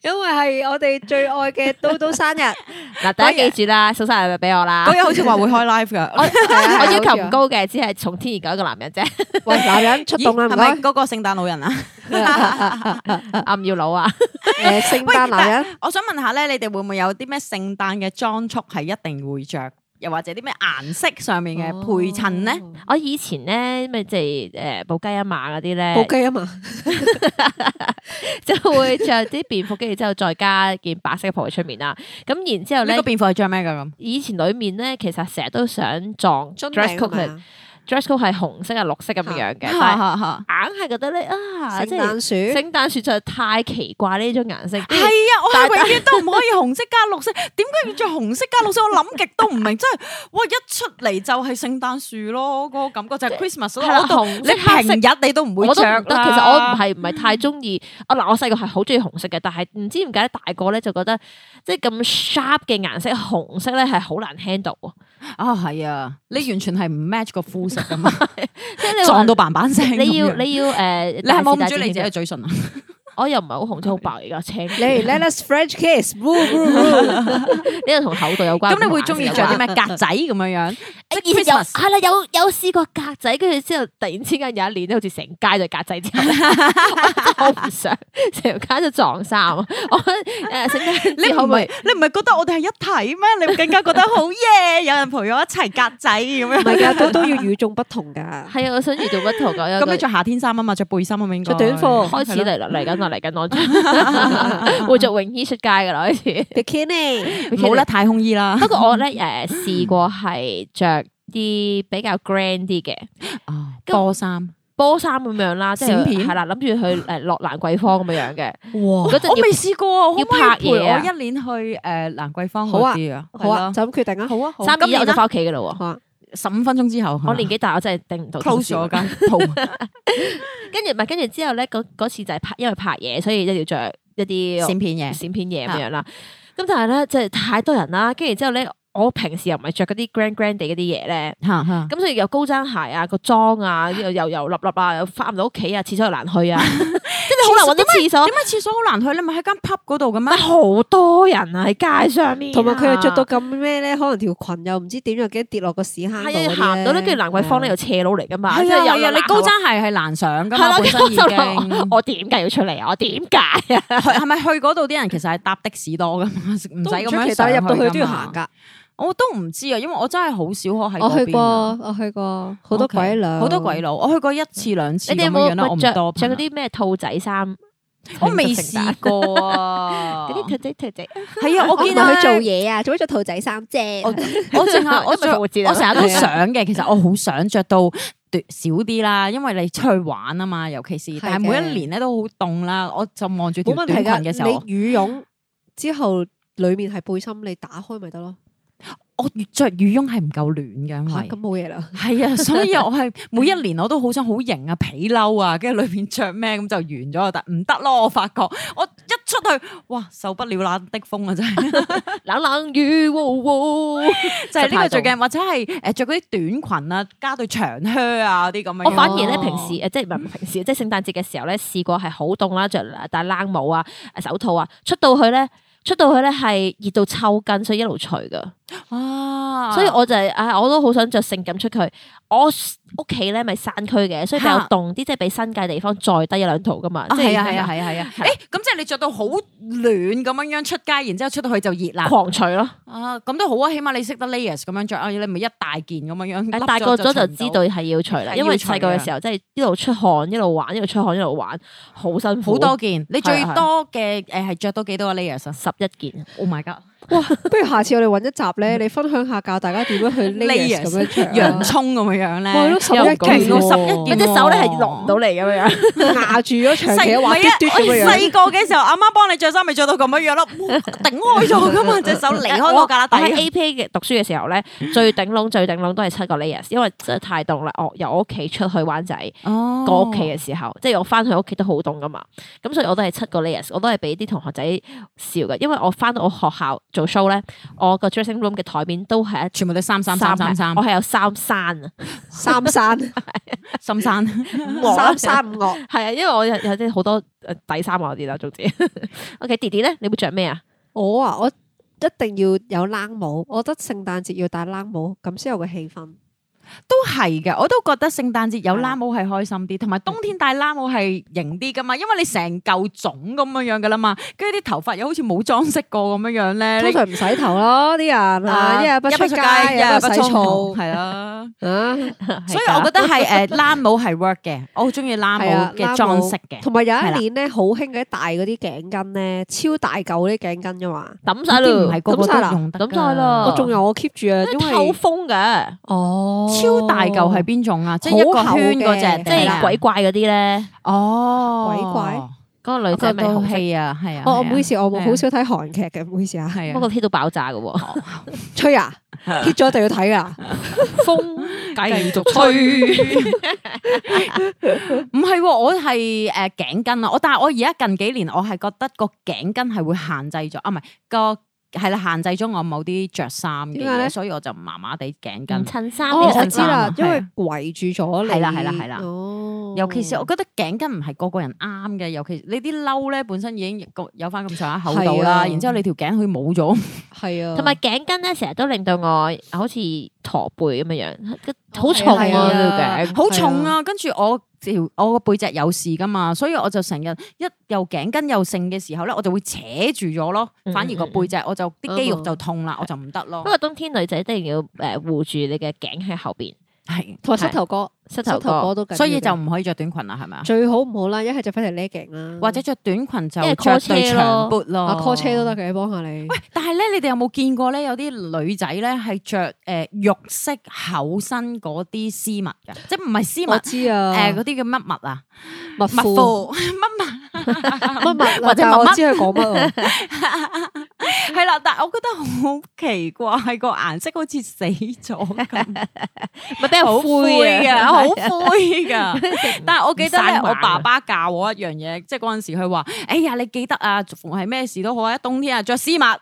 因為係我哋最愛嘅嘟嘟生日，嗱，大家記住啦，小生日就俾我啦。嗰日好似話會
開 live 噶，我我要求唔
高嘅，只係從天而降一個男人
啫。男人出動啦，係咪？嗰個聖誕老人啊，暗耀佬啊，誒，聖誕男人。我想問下咧，你哋會唔會有啲咩聖誕嘅裝束係一定會着？又或者啲咩顏色上面嘅配襯咧？哦、我以前咧，咪即係誒布雞啊嘛嗰啲咧，布雞啊嘛， (laughs) (laughs) 就會
着啲便服，跟住之後再加件白色嘅袍喺出面啦。咁然之後咧，個便服
係着咩噶咁？
以前裏面咧，其實成日都想撞 dress, 名 code dress code 係紅色啊綠色咁樣嘅，
硬係覺得咧啊聖誕樹聖
誕樹就係太奇怪呢種顏色，係啊，我永遠
都唔可以紅色加綠色，點解要着紅色加綠色？我諗極都唔明，真係我一出嚟就係聖誕樹咯，個感覺就係 Christmas。係啦，紅你平日
你都唔會着得。其實我唔係唔係太中意，我嗱我細個係好中意紅色嘅，但係唔知點解大個咧就覺得即係咁 sharp 嘅顏色紅色咧係
好難 handle。啊，係、哦、啊，你完全係唔 match 個膚色㗎嘛，
(laughs) 說撞到
砰砰聲，你要、uh, 你要誒，你係望唔住你自己嘅嘴唇啊？
我又唔係好紅，超白嚟噶，青。你 Let us French kiss，呢個同厚度有關。咁 (laughs) 你會中意着啲咩格仔咁樣 (laughs) 樣？即係有啦、 (laughs) 啊，有有試過格仔，跟住之後突然之間有一年咧，好似成街就格仔。 (laughs) 我唔想成街，都撞、 (laughs) 呃、街就撞、是、
衫。我誒，你可唔係？你唔係覺得我哋係一體咩？ (laughs) 你更加覺得好嘢！有人陪我一齊格仔咁樣。唔 (laughs) 係，都要與眾不同㗎。係啊， (laughs) 我想與眾不同㗎。咁 (laughs) 你着夏天衫啊嘛，着背心咁樣，短褲開始嚟啦，嚟緊嚟緊我會着泳衣出街噶啦，好似比基尼，冇啦太空衣啦。不過我
咧誒試過係着啲比較 grand 啲嘅波衫，波衫咁樣啦，即係係啦，諗住去誒落蘭桂坊咁樣嘅。
哇！我未試過，要拍陪我一年去誒蘭桂坊好啲啊，好啊，就咁決定啊，好啊，三一日我就翻屋企噶
啦喎。十五分鐘之後，我年紀大，吧我真係頂唔到。close 咗噶，跟住咪跟住之後咧，嗰次就係拍，因為拍嘢，所以一定要着一啲閃片嘢、閃片嘢咁樣啦。咁是的 但係咧，即係太多人啦，跟住之後咧。我平時又唔係着嗰啲 grand grand 地啲嘢咧，咁所以有高踭鞋啊，個妝啊，又又立立啊，翻唔到屋企啊，廁所又難去啊，即
係好難揾啲廁所。點解廁所好難去？你咪喺間 pub 嗰度嘅咩？好多人啊，喺街上面。同埋佢又着到咁咩咧？
可能條裙又唔知點又驚跌落個屎坑度行到咧，
跟住蘭桂坊咧又斜路嚟噶嘛。
係啊係啊，你高踭
鞋係難上噶嘛。本身已經我點解要出嚟啊？我點解啊？係咪去嗰度啲人其實係搭的士多嘅嘛？唔使咁樣，其實入到去都要行噶。我都唔知啊，因為我真係好少可係我去過，我去過好多鬼佬，好多鬼佬，我去過一次兩次，你哋有冇多？着嗰啲咩兔仔衫？我未試
過啊！嗰啲兔仔兔仔，係啊！我見到佢做嘢啊，做咩着兔仔衫啫？
我成日我咪我成日都想
嘅，其實我好想着到少啲啦，因為你出去玩啊嘛，尤其是但係每一年咧都好凍啦，我就望住條短裙嘅時候，羽
絨之後裏面係背心，你打開咪得咯。
我越着羽絨係唔夠暖嘅，吓，咁冇嘢啦。係啊，所以我係每一年我都好想好型啊，皮褸啊，跟住裏面着咩咁就完咗，但唔得咯。我發覺我一出去，哇，受不了冷的風啊，真係 (laughs) 冷冷雨霧霧，哦哦、 (laughs) 就係呢個最驚，冷或者係誒著嗰啲短裙啊，加對長靴啊啲咁樣。我反而咧平時誒， (laughs) 即係唔係平時，即係聖誕節嘅時候咧，試過係好凍啦，着戴冷帽啊、
手套啊，出到去咧。出到去咧，係熱到抽筋，所以一路除㗎。啊，
所以我
就係啊，我都好想着性感出去。我。屋企咧咪山區嘅，所以比較凍啲，啊、即係比新界地方再低一兩度噶嘛。啊，係啊，係啊，係啊。誒、啊，咁、
啊欸、即係你着到好暖咁樣樣出街，然之後出到去就熱啦，狂除咯。啊，咁都好啊，起碼你識得 layers 咁樣着。啊，你咪一大件咁樣樣。大個咗就知道
係要除啦，因為細個嘅時候即係一路出汗一路玩，一路出汗一路玩，好辛苦。好多件，你最多
嘅誒係着到幾多個 layers？十一件。Oh my god！
哇！不如下次我哋揾一集咧，你分享下教大家點樣去樣 (laughs) 樣呢 layers 咁樣長洋
葱咁樣樣咧，十一件，十一件隻手咧係唔到嚟咁樣樣，拿
住咗長旗，哇！跌斷細
個嘅時候，阿媽幫你着衫，咪着到咁樣樣咯，頂開咗噶嘛隻手離開個架。但喺 A P A 嘅
讀書嘅時候咧，最頂籠最頂籠都係七個 layers，因為實在太凍啦！我由我屋企出去灣仔，過屋企嘅時候，哦、即係我翻去屋企都好凍噶嘛。咁所以我都係七個 layers，我都係俾啲同學仔笑嘅，因為我翻到我學校。做 show 咧，我個 dressing room 嘅台面都係全部都三三三三，我係有三山啊， (laughs) 三山，三山，五岳，三五岳，係啊，因為我有有啲好多底衫我啲啦，總之。OK，弟弟咧，你會着咩啊？
我啊，我一定要有冷帽，我覺得聖
誕節要戴冷帽，咁先有個氣氛。都係嘅，我都覺得聖誕節有拉帽係開心啲，同埋冬天戴拉帽係型啲噶嘛，因為你成嚿腫咁樣樣噶啦嘛，跟住啲頭髮又好似冇裝飾過咁樣樣咧。通常唔洗頭咯，啲人一日唔出街，一日唔梳頭，係啦。啊，所以我覺得係誒，拉帽係 work 嘅，
我好中意拉帽嘅裝飾嘅。同埋有一年咧，好興嗰啲戴嗰啲頸巾咧，超大嚿啲頸巾啫嘛，抌晒啦，唔係用得。抌晒啦，我仲
有我 keep 住啊，因為透風嘅哦。超大嚿係邊種啊？即係一個圈嗰隻，即係鬼怪嗰啲咧。哦，鬼怪嗰個女仔都好 hit 啊，係啊。
我唔好意
思，我好少睇韓劇嘅，唔好意思啊，係啊。不過 hit 到爆炸噶，吹啊
，hit 咗一
定要睇啊！風
繼續吹。
唔係，我係誒頸巾啊！我但係我而家近幾年，我係覺得個頸巾係會限制咗。啊，唔係個。係啦，限制咗我某啲着衫嘅，所以我就麻麻地頸巾、襯衫、哦，我知啦，是啊、因為圍住咗你。係啦係啦係啦，尤其是我覺得頸巾唔係個個人啱嘅，尤其你啲褸咧本身已經有翻咁上下厚度啦，啊、然之後你條頸佢冇咗，係啊，同埋頸巾咧成日都令到我好似
駝背咁樣樣，
好重啊條頸，好重啊，跟住我。我個背脊有事噶嘛，所以我就成日一又頸筋又盛嘅時候咧，我就會扯住咗咯，嗯嗯嗯，反而個背脊我就啲肌肉就痛啦，嗯嗯，我就唔得咯。不過對
冬天女仔一定要誒，護住你嘅頸喺後邊。係同埋膝頭哥，
膝頭哥，哥都，所以就唔可以着短裙啦，係咪啊？最好唔好啦，一係着翻條 legging 或者着短裙就着對長 boot 咯，啊，call 車、啊、都得嘅，幫下你。喂，但係咧，你哋有冇見過咧？有啲女仔咧係着誒肉色厚身嗰啲絲襪嘅，即係唔係絲襪？知啊，誒嗰啲叫乜襪啊？襪褲乜襪？乜襪褲？或者乜？ (laughs) 蜂蜂我知佢講乜。 (laughs) 係啦，但係我覺得好奇怪，係個顏色好似死咗咁，或得好灰嘅，好灰噶的。但係我記得我爸爸教我一樣嘢，即係嗰陣時佢話：哎呀，你記得啊，逢係咩事都好啊，冬天啊着絲襪。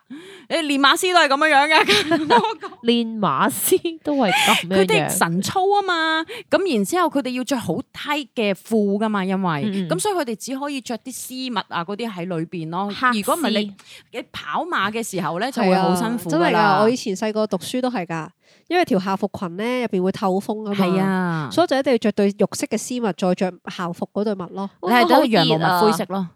你練馬師都係咁樣樣嘅，練 (laughs) (laughs) 馬師絲 (laughs) 都係咁樣樣。佢哋神操啊嘛，咁然之後佢哋要着好低嘅褲噶嘛，因為咁、嗯嗯、所以佢哋只可以着啲絲襪啊嗰啲喺裏邊咯。如果唔係你 (laughs) 你跑。嘅時候咧，就會好辛苦，啊。真係噶，我以
前細個讀書都係噶，因為條校服裙咧入邊會透風啊嘛。係是啊，所以就一定要着對肉色嘅絲襪，再着校服嗰對襪咯。好你係都係羊毛咪灰色咯。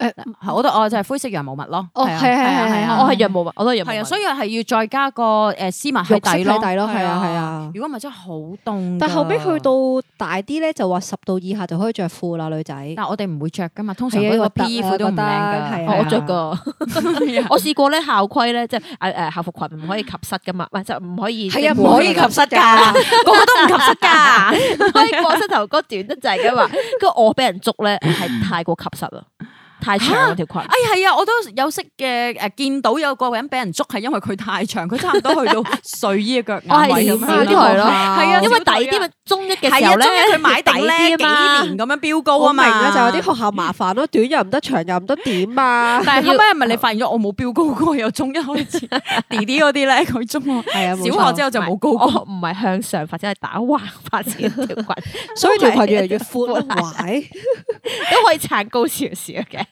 誒，係我都我就係灰色羊毛襪咯。哦，係係係，我係羊毛襪，我都羊毛。係啊，所以係要再加個誒絲襪底咯。係啊係啊，如果咪真係好凍。但後尾去到大啲咧，
就話十度以下就可以着褲啦，女仔。但我哋唔會着噶嘛，通常嗰個 B 褲都唔靚我着
噶。我試過咧校規咧，即係誒誒校服裙唔可以及膝噶嘛，唔就唔可以。係啊，唔可以及膝噶，個個都唔及膝噶，可以過膝頭哥
短得滯噶嘛。
跟住我俾人捉咧係太過及膝啦。太長嗰條裙，哎
係啊！我都有識嘅，誒見到有個人俾人捉，係因為佢太長，佢差唔多去到睡衣嘅腳眼位咁咯。係啊，因為底啲咪中一嘅時候咧，佢買底咧幾年咁樣標高啊嘛。我明啊，就係啲學校麻煩咯，短又唔得，長又唔得，點啊？但係後尾係咪你發現咗我冇標高過？由中一開始，弟啲嗰啲咧，佢中學、小學之後就冇高過。唔係向上發展，係打橫發展條裙，所以條裙越嚟越闊，都可以撐高少少嘅。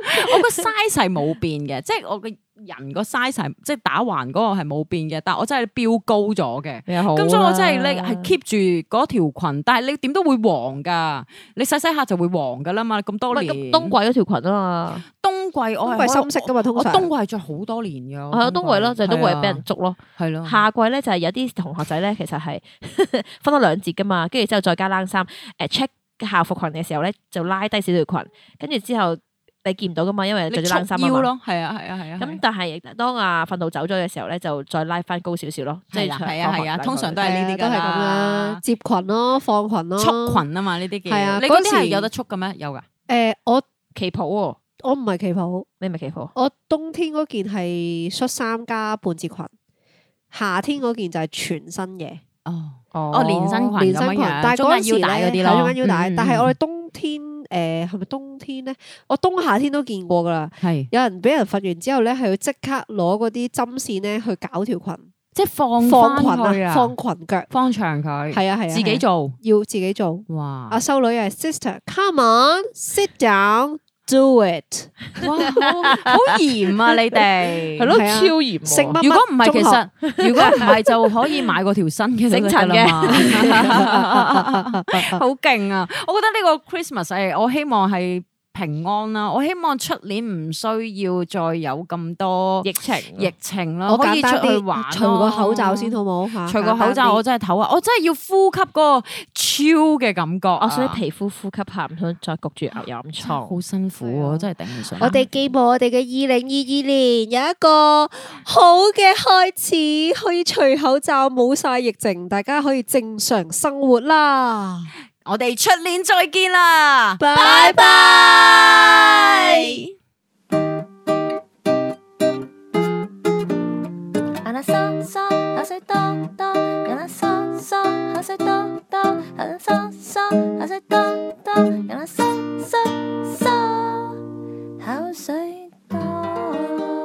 (laughs) 我個 size 係冇變嘅，即、就、係、是、我個人個 size 即係打橫嗰個係冇變嘅，但係我真係飆高咗嘅。咁、啊、所以我真係你係 keep 住嗰條裙，但係你點都會黃噶，你細細下就會黃噶啦嘛。咁多年，冬季嗰條裙啊嘛，冬季，冬季我係深色噶嘛，我冬季係着好多年噶。係啊，冬季咯，就係冬季俾人捉咯，係咯、啊。
夏季咧就係有啲同學仔咧，其實係 (laughs) 分咗兩截噶嘛，跟住之後再加冷衫。誒、呃、，check 校服裙嘅時候咧，就拉低少條裙，跟住之後。你見唔到噶嘛？因為着啲冷衫啊嘛。腰咯，
係啊，係
啊，係啊。咁但係當阿訓導走咗嘅時候咧，就再拉翻高少少咯。係啊，係啊，通常都係呢啲，都係咁啦。
接裙咯，放裙咯。束裙啊嘛，呢啲嘅。係啊，你嗰啲係有得束噶咩？有噶。
誒，我旗袍，我唔係旗袍，你咪旗袍。我冬天嗰件係恤衫加半截裙，夏天嗰件就係全身嘢。
哦哦，連身裙，連身裙。但係嗰陣時咧，係
中緊腰帶，但係我哋冬天。誒係咪冬天咧？我冬夏天都見過㗎啦。係是，有人俾人瞓完之後咧，係要即刻攞嗰啲針線咧去搞條裙，即係放放裙啊，放
裙腳，放長佢。係啊係啊，啊啊啊自己做，要自己做。哇！阿、
啊、修女係，Sister，Come on，sit down。Do it！哇
(laughs) 好嚴啊， (laughs) 你哋係咯， (laughs) 超嚴、啊。食乜、啊？什麼什麼如果唔係，其實 (laughs) 如果唔係，就可以買嗰條新嘅整齊嘅。好勁啊！我覺得呢個 Christmas 係我希望係。平安啦、啊！我希望出年唔需要再有咁多疫情，疫情啦、啊。我可以出去玩、啊，除個口罩先
好唔好？除個口罩，我真
係唞，我真係要呼吸嗰個超嘅感覺。啊，啊，所以皮膚呼吸下，唔想再焗住牛油咁倉，好辛苦啊！真係頂唔順。我哋
寄望我哋嘅二零二二年有一個好嘅開始，可以除口罩，冇晒疫情，大家可以正常生活啦。 (laughs) 我哋
出年再見啦，Bye bye 拜拜。口水多。